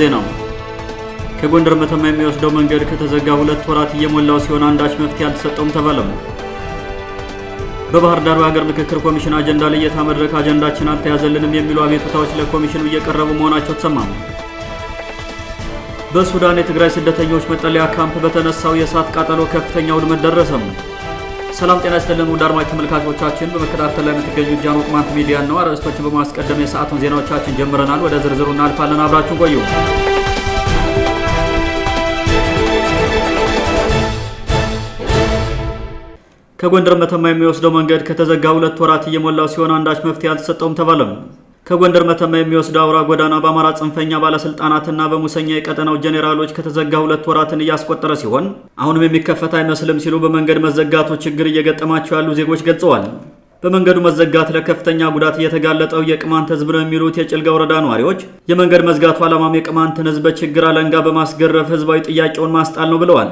ዜና ከጎንደር መተማ የሚወስደው መንገድ ከተዘጋ ሁለት ወራት እየሞላው ሲሆን አንዳች መፍትሄ አልተሰጠውም ተባለም። በባህር ዳር የሀገር ምክክር ኮሚሽን አጀንዳ ላይ የታ አጀንዳችን አልተያዘልንም የሚሉ አቤቱታዎች ለኮሚሽኑ እየቀረቡ መሆናቸው ተሰማሙ። በሱዳን የትግራይ ስደተኞች መጠለያ ካምፕ በተነሳው የእሳት ቃጠሎ ከፍተኛ ውድመት ደረሰም። ሰላም ጤና ይስጥልን ውድ አድማጭ ተመልካቾቻችን፣ በመከታተል ላይ የምትገኙ ጃን ቅማንት ሚዲያ ነው። አርዕስቶችን በማስቀደም የሰዓቱን ዜናዎቻችን ጀምረናል። ወደ ዝርዝሩ እናልፋለን። አብራችሁን ቆዩ። ከጎንደር መተማ የሚወስደው መንገድ ከተዘጋ ሁለት ወራት እየሞላው ሲሆን አንዳች መፍትሄ አልተሰጠውም ተባለም። ከጎንደር መተማ የሚወስደው አውራ ጎዳና በአማራ ጽንፈኛ ባለስልጣናትና በሙሰኛ የቀጠናው ጄኔራሎች ከተዘጋ ሁለት ወራትን እያስቆጠረ ሲሆን አሁንም የሚከፈት አይመስልም ሲሉ በመንገድ መዘጋቱ ችግር እየገጠማቸው ያሉ ዜጎች ገልጸዋል። በመንገዱ መዘጋት ለከፍተኛ ጉዳት እየተጋለጠው የቅማንት ህዝብ ነው የሚሉት የጭልጋ ወረዳ ነዋሪዎች የመንገድ መዝጋቱ ዓላማም የቅማንትን ህዝብ በችግር አለንጋ በማስገረፍ ህዝባዊ ጥያቄውን ማስጣል ነው ብለዋል።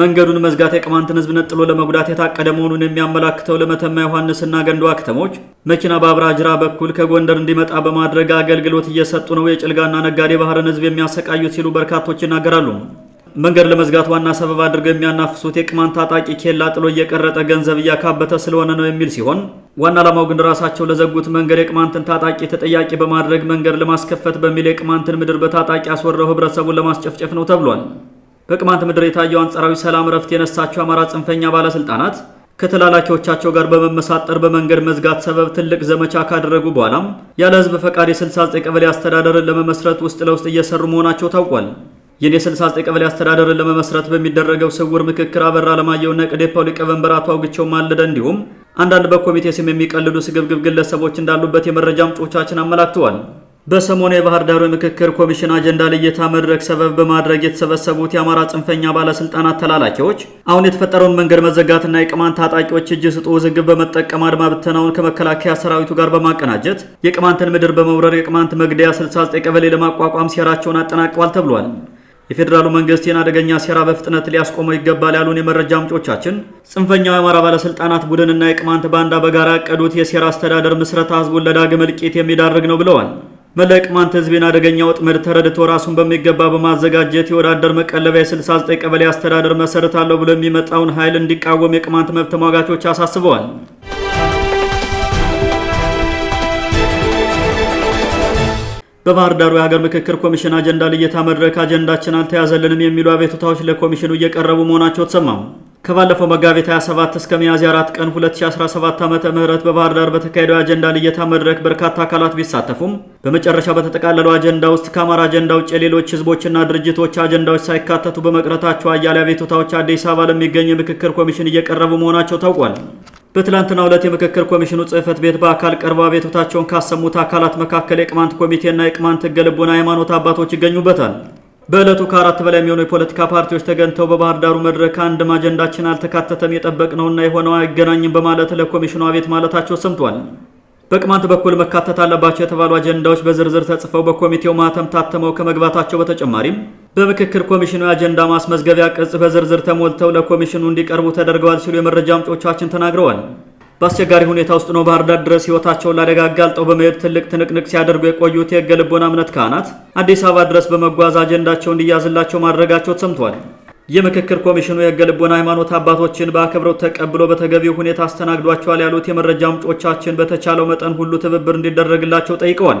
መንገዱን መዝጋት የቅማንትን ህዝብ ነጥሎ ለመጉዳት የታቀደ መሆኑን የሚያመላክተው ለመተማ ዮሐንስና ገንዷ ከተሞች መኪና በአብራጅራ በኩል ከጎንደር እንዲመጣ በማድረግ አገልግሎት እየሰጡ ነው፣ የጭልጋና ነጋዴ ባህርን ህዝብ የሚያሰቃዩት ሲሉ በርካቶች ይናገራሉ። መንገድ ለመዝጋት ዋና ሰበብ አድርገው የሚያናፍሱት የቅማንት ታጣቂ ኬላ ጥሎ እየቀረጠ ገንዘብ እያካበተ ስለሆነ ነው የሚል ሲሆን ዋና ዓላማው ግን ራሳቸው ለዘጉት መንገድ የቅማንትን ታጣቂ ተጠያቂ በማድረግ መንገድ ለማስከፈት በሚል የቅማንትን ምድር በታጣቂ አስወረው ህብረተሰቡን ለማስጨፍጨፍ ነው ተብሏል። በቅማንት ምድር የታየው አንጻራዊ ሰላም ረፍት የነሳቸው አማራ ጽንፈኛ ባለስልጣናት ከተላላኪዎቻቸው ጋር በመመሳጠር በመንገድ መዝጋት ሰበብ ትልቅ ዘመቻ ካደረጉ በኋላም ያለ ህዝብ ፈቃድ የ69 ቀበሌ አስተዳደርን ለመመስረት ውስጥ ለውስጥ እየሰሩ መሆናቸው ታውቋል። ይህን የ69 ቀበሌ አስተዳደርን ለመመስረት በሚደረገው ስውር ምክክር አበራ አለማየሁና ቅዴፓው ሊቀመንበር አቶ አውግቸው ማለደ እንዲሁም አንዳንድ በኮሚቴ ስም የሚቀልዱ ስግብግብ ግለሰቦች እንዳሉበት የመረጃ ምንጮቻችን አመላክተዋል። በሰሞኑ የባህር ዳሩ የምክክር ኮሚሽን አጀንዳ ልየታ መድረክ ሰበብ በማድረግ የተሰበሰቡት የአማራ ጽንፈኛ ባለስልጣናት ተላላኪዎች አሁን የተፈጠረውን መንገድ መዘጋትና የቅማንት ታጣቂዎች እጅ ስጡ ውዝግብ በመጠቀም አድማ ብተናውን ከመከላከያ ሰራዊቱ ጋር በማቀናጀት የቅማንትን ምድር በመውረር የቅማንት መግደያ 69 ቀበሌ ለማቋቋም ሴራቸውን አጠናቀዋል ተብሏል። የፌዴራሉ መንግስት ይህን አደገኛ ሴራ በፍጥነት ሊያስቆመው ይገባል ያሉን የመረጃ ምንጮቻችን ጽንፈኛው የአማራ ባለስልጣናት ቡድንና የቅማንት ባንዳ በጋራ ያቀዱት የሴራ አስተዳደር ምስረታ ህዝቡን ለዳግም እልቂት የሚዳርግ ነው ብለዋል። መለቅ ማንተ ህዝቤን አደገኛ ወጥመድ ተረድቶ ራሱን በሚገባ በማዘጋጀት የወዳደር መቀለቢያ የ69 ቀበሌ አስተዳደር መሰረታለሁ ብሎ የሚመጣውን ኃይል እንዲቃወም የቅማንት መብት ተሟጋቾች አሳስበዋል። በባህር ዳሩ የሀገር ምክክር ኮሚሽን አጀንዳ ልየታ መድረክ አጀንዳችን አልተያዘልንም የሚሉ አቤቱታዎች ለኮሚሽኑ እየቀረቡ መሆናቸው ተሰማሙ። ከባለፈው መጋቢት 27 እስከ ሚያዝያ 4 ቀን 2017 ዓመተ ምህረት በባህር ዳር በተካሄደው አጀንዳ ልየታ መድረክ በርካታ አካላት ቢሳተፉም በመጨረሻ በተጠቃለለው አጀንዳ ውስጥ ከአማራ አጀንዳ ውጭ ሌሎች ህዝቦችና ድርጅቶች አጀንዳዎች ሳይካተቱ በመቅረታቸው አያሌ አቤቱታዎች አዲስ አበባ ለሚገኝ የምክክር ኮሚሽን እየቀረቡ መሆናቸው ታውቋል። በትላንትና ዕለት የምክክር ኮሚሽኑ ጽህፈት ቤት በአካል ቀርበው አቤቱታቸውን ካሰሙት አካላት መካከል የቅማንት ኮሚቴና የቅማንት ህገ ልቦና ሃይማኖት አባቶች ይገኙበታል። በዕለቱ ከአራት በላይ የሚሆኑ የፖለቲካ ፓርቲዎች ተገኝተው በባህር ዳሩ መድረክ አንድም አጀንዳችን አልተካተተም የጠበቅነውና የሆነው አይገናኝም በማለት ለኮሚሽኑ አቤት ማለታቸው ሰምቷል። በቅማንት በኩል መካተት አለባቸው የተባሉ አጀንዳዎች በዝርዝር ተጽፈው በኮሚቴው ማህተም ታትመው ከመግባታቸው በተጨማሪም በምክክር ኮሚሽኑ የአጀንዳ ማስመዝገቢያ ቅጽ በዝርዝር ተሞልተው ለኮሚሽኑ እንዲቀርቡ ተደርገዋል ሲሉ የመረጃ ምንጮቻችን ተናግረዋል። በአስቸጋሪ ሁኔታ ውስጥ ነው ባህር ዳር ድረስ ህይወታቸውን ላደጋ አጋልጠው በመሄድ ትልቅ ትንቅንቅ ሲያደርጉ የቆዩት የህገ ልቦና እምነት ካህናት አዲስ አበባ ድረስ በመጓዝ አጀንዳቸው እንዲያዝላቸው ማድረጋቸው ተሰምቷል። የምክክር ኮሚሽኑ የህገ ልቦና ሃይማኖት አባቶችን በአክብሮት ተቀብሎ በተገቢው ሁኔታ አስተናግዷቸዋል ያሉት የመረጃ ምንጮቻችን በተቻለው መጠን ሁሉ ትብብር እንዲደረግላቸው ጠይቀዋል።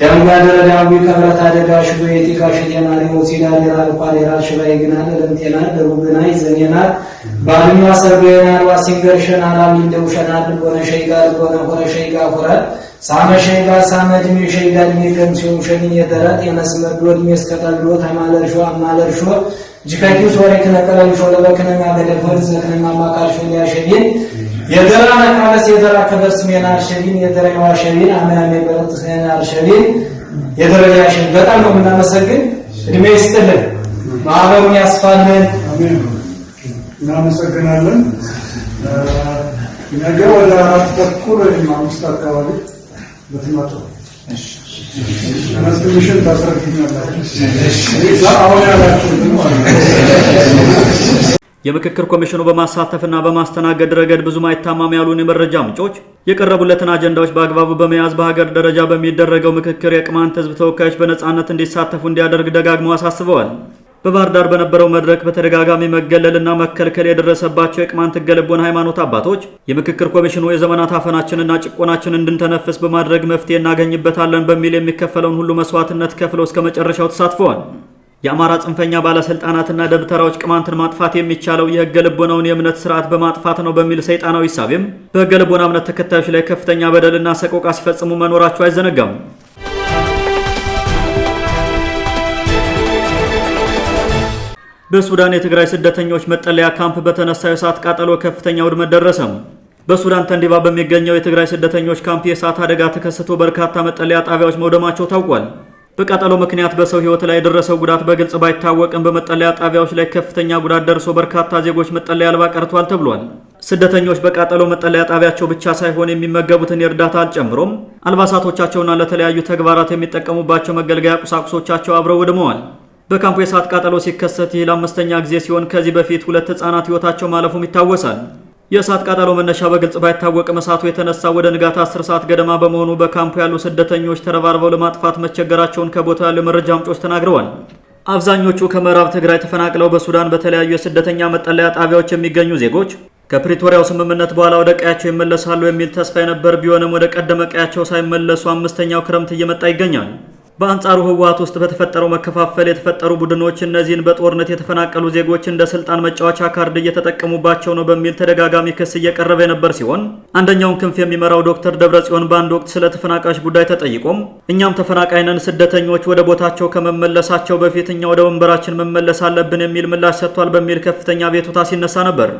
ዳኛ ደረዳዊ ከብረት አደጋ ሽቦ የጢቃ ሽቴ ማሪሞት ሲዳ ሌራ ልኳ ሌራ ሽባይ ግና ለለምጤና ደቡብና ይዘኔና ባልማ ሰርቤና ዋሲንገር ሲንገርሸን አላሚ እንደውሸና ልቦነ ሸይጋ ልቦነ ሆነ ሸይጋ ሆረ ሳመ ሸይጋ ሳመ ድሜ ሸይጋ ድሜ ገም ሲሆን ሸኒ የተረጥ የመስመዶ ድሜ እስከጠሎ ተማለርሾ አማለርሾ ጅከኪ ሶሬ ክነቀለልሾ ለበክነኛ በደፈር ዘክነኛ ማቃልሾ ሊያሸቢን የደራ መቃለስ የደራ ከበርስ ሜና አርሸቢን የደረኛዋ ሸቢን አመያም የበረት ሜና አርሸቢን የደረኛ ሸቢን በጣም ነው የምናመሰግን። እድሜ ይስጥልን፣ ማህበሩን ያስፋልን። እናመሰግናለን። ነገ ወደ አራት ተኩል ወይም አምስት አካባቢ በትመጡ መስሚሽን ታስረግኛላችሁ አሁን ያላችሁ የምክክር ኮሚሽኑ በማሳተፍና በማስተናገድ ረገድ ብዙም አይታማም ያሉን የመረጃ ምንጮች የቀረቡለትን አጀንዳዎች በአግባቡ በመያዝ በሀገር ደረጃ በሚደረገው ምክክር የቅማንት ሕዝብ ተወካዮች በነፃነት እንዲሳተፉ እንዲያደርግ ደጋግመው አሳስበዋል። በባህር ዳር በነበረው መድረክ በተደጋጋሚ መገለልና መከልከል የደረሰባቸው የቅማንት ሕገልቦና ሃይማኖት አባቶች የምክክር ኮሚሽኑ የዘመናት አፈናችንና ጭቆናችን እንድንተነፍስ በማድረግ መፍትሄ እናገኝበታለን በሚል የሚከፈለውን ሁሉ መስዋዕትነት ከፍለው እስከ መጨረሻው ተሳትፈዋል። የአማራ ጽንፈኛ ባለስልጣናትና ደብተራዎች ቅማንትን ማጥፋት የሚቻለው የህገ ልቦናውን የእምነት ስርዓት በማጥፋት ነው በሚል ሰይጣናዊ ሳቤም በህገ ልቦና እምነት ተከታዮች ላይ ከፍተኛ በደልና ሰቆቃ ሲፈጽሙ መኖራቸው አይዘነጋም። በሱዳን የትግራይ ስደተኞች መጠለያ ካምፕ በተነሳ የእሳት ቃጠሎ ከፍተኛ ውድመት ደረሰም። በሱዳን ተንዲባ በሚገኘው የትግራይ ስደተኞች ካምፕ የእሳት አደጋ ተከስቶ በርካታ መጠለያ ጣቢያዎች መውደማቸው ታውቋል። በቃጠሎ ምክንያት በሰው ሕይወት ላይ የደረሰው ጉዳት በግልጽ ባይታወቅም በመጠለያ ጣቢያዎች ላይ ከፍተኛ ጉዳት ደርሶ በርካታ ዜጎች መጠለያ አልባ ቀርቷል ተብሏል። ስደተኞች በቃጠሎ መጠለያ ጣቢያቸው ብቻ ሳይሆን የሚመገቡትን የእርዳታ አልጨምሮም አልባሳቶቻቸውና ለተለያዩ ተግባራት የሚጠቀሙባቸው መገልገያ ቁሳቁሶቻቸው አብረው ወድመዋል። በካምፑ የእሳት ቃጠሎ ሲከሰት ይህ ለአምስተኛ ጊዜ ሲሆን ከዚህ በፊት ሁለት ህጻናት ሕይወታቸው ማለፉም ይታወሳል። የእሳት ቃጠሎ መነሻ በግልጽ ባይታወቅም እሳቱ የተነሳ ወደ ንጋት 10 ሰዓት ገደማ በመሆኑ በካምፑ ያሉ ስደተኞች ተረባርበው ለማጥፋት መቸገራቸውን ከቦታው ያሉ የመረጃ ምንጮች ተናግረዋል። አብዛኞቹ ከምዕራብ ትግራይ ተፈናቅለው በሱዳን በተለያዩ የስደተኛ መጠለያ ጣቢያዎች የሚገኙ ዜጎች ከፕሪቶሪያው ስምምነት በኋላ ወደ ቀያቸው ይመለሳሉ የሚል ተስፋ የነበር ቢሆንም ወደ ቀደመ ቀያቸው ሳይመለሱ አምስተኛው ክረምት እየመጣ ይገኛል። በአንጻሩ ህወሀት ውስጥ በተፈጠረው መከፋፈል የተፈጠሩ ቡድኖች እነዚህን በጦርነት የተፈናቀሉ ዜጎች እንደ ስልጣን መጫወቻ ካርድ እየተጠቀሙባቸው ነው በሚል ተደጋጋሚ ክስ እየቀረበ የነበር ሲሆን አንደኛውን ክንፍ የሚመራው ዶክተር ደብረጽዮን በአንድ ወቅት ስለ ተፈናቃዮች ጉዳይ ተጠይቆም እኛም ተፈናቃይነን ስደተኞች ወደ ቦታቸው ከመመለሳቸው በፊት እኛ ወደ ወንበራችን መመለስ አለብን የሚል ምላሽ ሰጥቷል በሚል ከፍተኛ ቤቱታ ሲነሳ ነበር።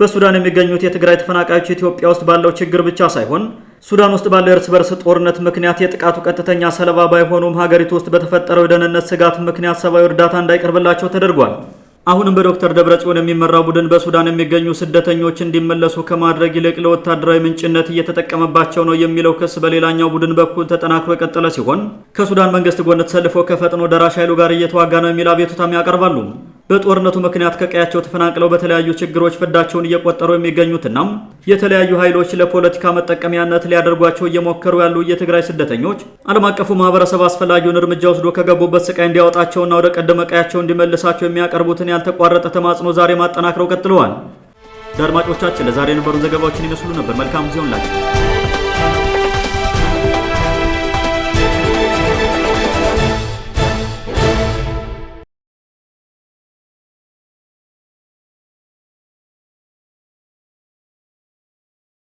በሱዳን የሚገኙት የትግራይ ተፈናቃዮች ኢትዮጵያ ውስጥ ባለው ችግር ብቻ ሳይሆን ሱዳን ውስጥ ባለው እርስ በርስ ጦርነት ምክንያት የጥቃቱ ቀጥተኛ ሰለባ ባይሆኑም ሀገሪቱ ውስጥ በተፈጠረው የደህንነት ስጋት ምክንያት ሰብአዊ እርዳታ እንዳይቀርብላቸው ተደርጓል። አሁንም በዶክተር ደብረጽዮን የሚመራው ቡድን በሱዳን የሚገኙ ስደተኞች እንዲመለሱ ከማድረግ ይልቅ ለወታደራዊ ምንጭነት እየተጠቀመባቸው ነው የሚለው ክስ በሌላኛው ቡድን በኩል ተጠናክሮ የቀጠለ ሲሆን ከሱዳን መንግስት ጎን ተሰልፎ ከፈጥኖ ደራሽ ኃይሉ ጋር እየተዋጋ ነው የሚል አቤቱታም ያቀርባሉ። በጦርነቱ ምክንያት ከቀያቸው ተፈናቅለው በተለያዩ ችግሮች ፍዳቸውን እየቆጠሩ የሚገኙትና የተለያዩ ኃይሎች ለፖለቲካ መጠቀሚያነት ሊያደርጓቸው እየሞከሩ ያሉ የትግራይ ስደተኞች ዓለም አቀፉ ማህበረሰብ አስፈላጊውን እርምጃ ወስዶ ከገቡበት ስቃይ እንዲያወጣቸውና ወደ ቀደመ ቀያቸው እንዲመልሳቸው የሚያቀርቡትን ያልተቋረጠ ተማጽኖ ዛሬ ማጠናክረው ቀጥለዋል። ለአድማጮቻችን ለዛሬ የነበሩን ዘገባዎችን ይመስሉ ነበር። መልካም ጊዜ ሆንላችሁ።